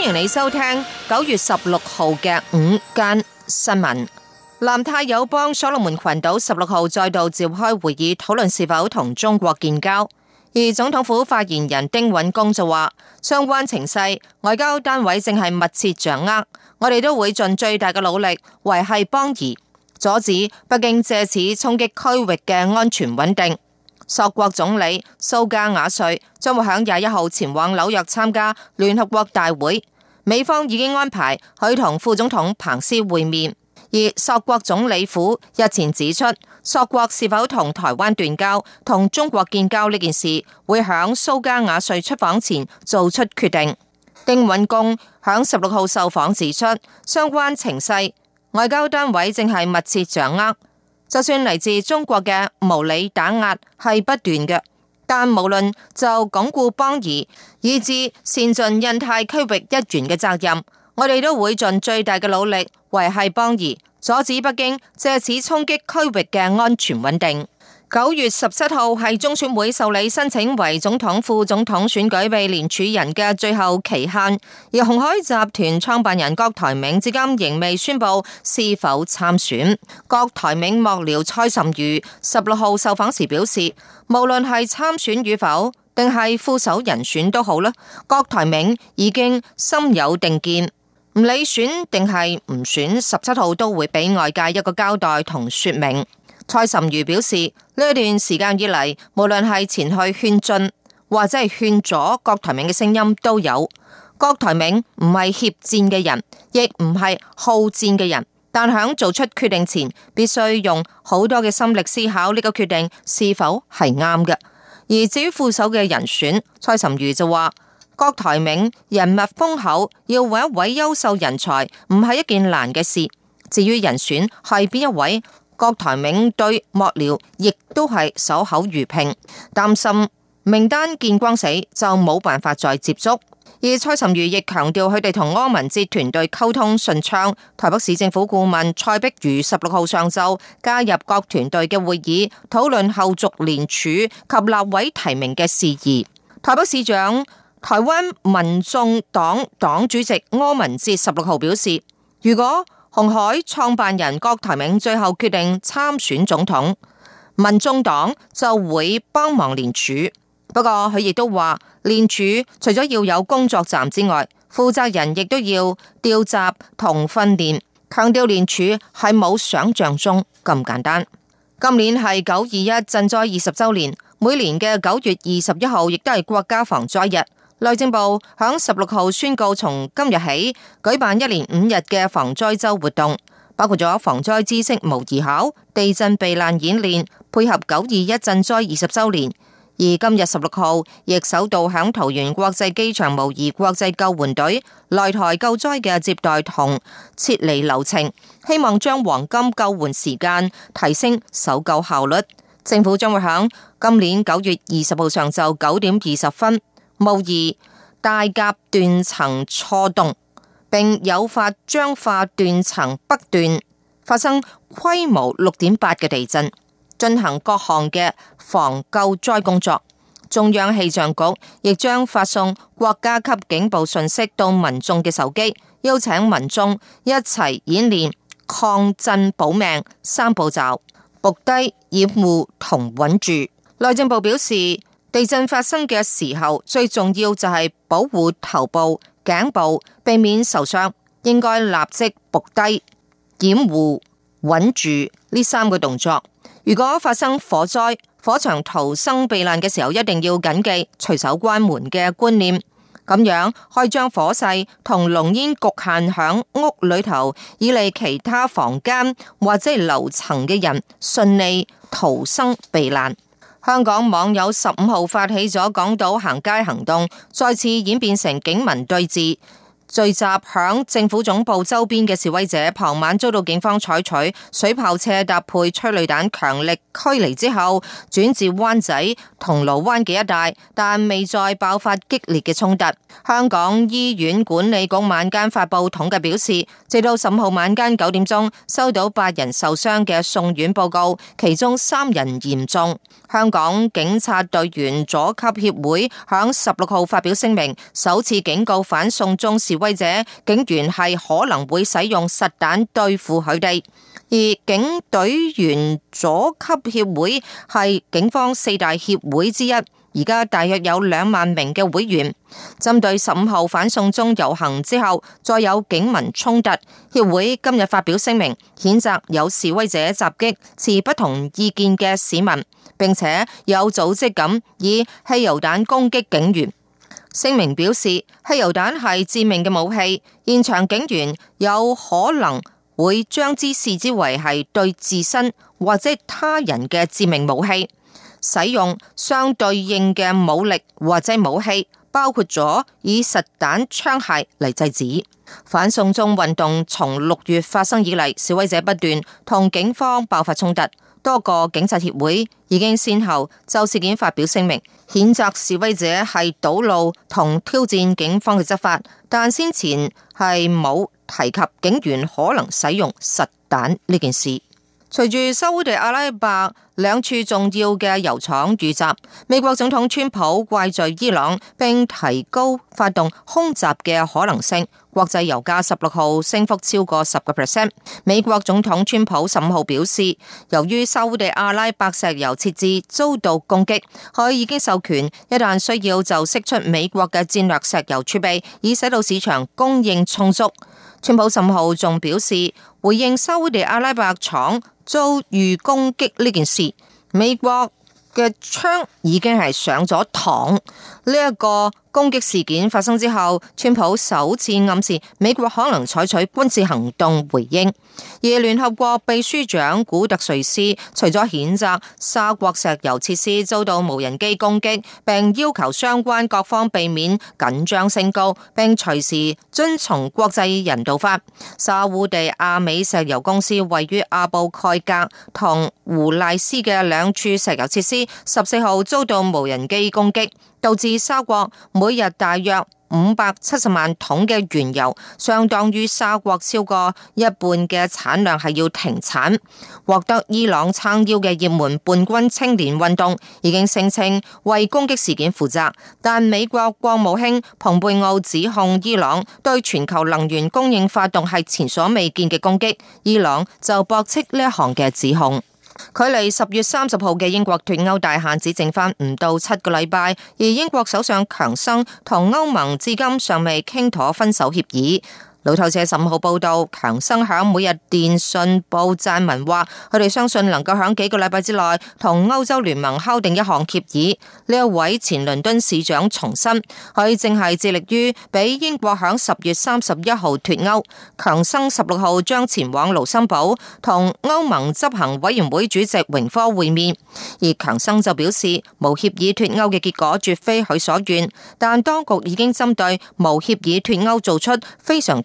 歡迎你收聽九月十六號嘅午間新聞。南太友邦所羅門群島十六號再度召開會議，討論是否同中國建交。而總統府發言人丁允恭就話：相關情勢，外交單位正係密切掌握，我哋都會盡最大嘅努力維繫邦誼，阻止北京借此衝擊區域嘅安全穩定。索國總理蘇加瓦瑞將會喺廿一號前往紐約參加聯合國大會，美方已經安排佢同副總統彭斯會面。而索國總理府日前指出，索國是否同台灣斷交、同中國建交呢件事，會喺蘇加瓦瑞出訪前做出決定。丁允恭喺十六號受訪指出，相關情勢，外交單位正係密切掌握。就算嚟自中國嘅無理打壓係不斷嘅，但無論就鞏固邦誼以至善盡印太區域一員嘅責任，我哋都會盡最大嘅努力維繫邦誼，阻止北京借此衝擊區域嘅安全穩定。九月十七號係中選會受理申請為總統副總統選舉為聯署人嘅最後期限，而鴻海集團創辦人郭台銘至今仍未宣布是否參選。郭台銘幕僚蔡甚如十六號受訪時表示，無論係參選與否，定係副手人選都好啦。郭台銘已經心有定見，唔理選定係唔選，十七號都會俾外界一個交代同說明。蔡岑如表示，呢段時間以嚟，無論係前去勸進或者係勸阻郭台銘嘅聲音都有。郭台銘唔係怯戰嘅人，亦唔係好戰嘅人，但響做出決定前，必須用好多嘅心力思考呢個決定是否係啱嘅。而至於副手嘅人選，蔡岑如就話郭台銘人脈豐厚，要搵一位優秀人才，唔係一件難嘅事。至於人選係邊一位？郭台銘對幕僚，亦都係守口如瓶，擔心名單見光死就冇辦法再接觸。而蔡碧如亦強調佢哋同柯文哲團隊溝通順暢。台北市政府顧問蔡碧如十六號上晝加入各團隊嘅會議，討論後續連署及立委提名嘅事宜。台北市長、台灣民眾黨黨黨主席柯文哲十六號表示，如果鴻海創辦人郭台銘最後決定參選總統，民眾黨就會幫忙聯署。不過佢亦都話，聯署除咗要有工作站之外，負責人亦都要調集同訓練，強調聯署係冇想象中咁簡單。今年係九二一震災二十周年，每年嘅九月二十一號亦都係國家防災日。內政部響十六號宣告，從今日起舉辦一連五日嘅防災周活動，包括咗防災知識模擬考、地震避難演練，配合九二一震災二十周年。而今日十六號亦首度響桃園國際機場模擬國際救援隊來台救災嘅接待同撤離流程，希望將黃金救援時間提升搜救效率。政府將會響今年九月二十號上晝九點二十分。模擬，大甲斷層錯動，並誘發彰化斷層北段發生規模六點八嘅地震，進行各項嘅防救災工作，中央氣象局亦將發送國家級警報信息到民眾嘅手機，邀請民眾一齊演練抗震保命三步驟：伏低、掩護同穩住。內政部表示，地震發生嘅時候，最重要就係保護頭部、頸部，避免受傷。應該立即伏低、掩護、穩住呢三個動作。如果發生火災、火場逃生避難嘅時候，一定要謹記隨手關門嘅觀念，咁樣可以將火勢同濃煙局限響屋裏頭，以利其他房間或者係樓層嘅人順利逃生避難。香港網友十五號發起咗港島行街行動，再次演變成警民對峙。聚集響政府總部周邊嘅示威者，傍晚遭到警方採取水炮車搭配催淚彈強力驅離之後，轉至灣仔同銅鑼灣嘅一帶，但未再爆發激烈嘅衝突。香港醫院管理局晚間發布統計表示，直到十五號晚間九點鐘，收到八人受傷嘅送院報告，其中三人嚴重。香港警察隊員佐級協會響十六號發表聲明，首次警告反送中示威者，警員係可能會使用實彈對付佢哋。而警隊員佐級協會係警方四大協會之一。而家大約有兩萬名嘅會員，針對十五號反送中遊行之後，再有警民衝突，協會今日發表聲明，譴責有示威者襲擊持不同意見嘅市民，並且有組織咁以汽油彈攻擊警員。聲明表示，汽油彈係致命嘅武器，現場警員有可能會將之視之為係對自身或者他人嘅致命武器。使用相對應嘅武力或者武器，包括咗以實彈槍械嚟制止反送中運動。從六月發生以嚟，示威者不斷同警方爆發衝突，多個警察協會已經先後就事件發表聲明，譴責示威者係堵路同挑戰警方嘅執法，但先前係冇提及警員可能使用實彈呢件事。隨住沙烏地阿拉伯兩處重要嘅油廠遇襲，美國總統川普怪罪伊朗，並提高發動空襲嘅可能性。國際油價十六號升幅超過十個 percent。美國總統川普十五號表示，由於沙烏地阿拉伯石油設置遭到攻擊，佢已經授權一旦需要就釋出美國嘅戰略石油儲備，以使到市場供應充足。川普十五號仲表示，回應沙烏地阿拉伯廠遭遇攻擊呢件事，美國嘅槍已經係上咗膛呢一個。攻擊事件發生之後，川普首次暗示美國可能採取軍事行動回應。而聯合國秘書長古特瑞斯除咗譴責沙國石油設施遭到無人機攻擊，並要求相關各方避免緊張升高，並隨時遵從國際人道法。沙烏地阿美石油公司位於阿布蓋格同胡賴斯嘅兩處石油設施，十四號遭到無人機攻擊。導致沙國每日大約五百七十萬桶嘅原油，相當於沙國超過一半嘅產量係要停產。獲得伊朗撐腰嘅葉門叛軍青年運動已經聲稱為攻擊事件負責，但美國國務卿蓬佩奧指控伊朗對全球能源供應發動係前所未見嘅攻擊，伊朗就駁斥呢項嘅指控。距離十月三十號嘅英國脫歐大限只剩返唔到七個禮拜，而英國首相強生同歐盟至今尚未傾妥分手協議。《路透社》十五號報道，強生響每日電訊報撰文話，佢哋相信能夠響幾個禮拜之內同歐洲聯盟敲定一項協議。呢一位前倫敦市長重申，佢正係致力於俾英國響十月三十一號脫歐。強生十六號將前往盧森堡同歐盟執行委員會主席榮科會面，而強生就表示，無協議脫歐嘅結果絕非佢所願，但當局已經針對無協議脫歐做出非常。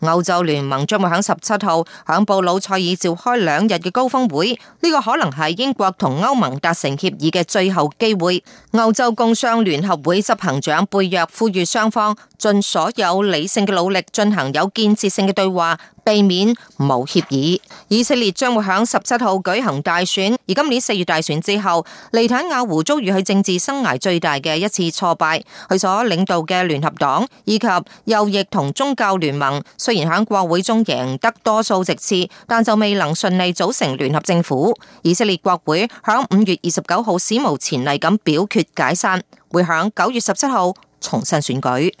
歐洲聯盟將會喺十七號喺布魯塞爾召開兩日嘅高峰會，呢個可能係英國同歐盟達成協議嘅最後機會。歐洲工商聯合會執行長貝約呼籲雙方盡所有理性嘅努力進行有建設性嘅對話。避免無協議。以色列將會喺十七號舉行大選，而今年四月大選之後，尼坦亞胡遭遇喺政治生涯最大嘅一次挫敗。佢所領導嘅聯合黨以及右翼同宗教聯盟雖然喺國會中贏得多數席次，但就未能順利組成聯合政府。以色列國會響五月二十九號史無前例咁表決解散，會響九月十七號重新選舉。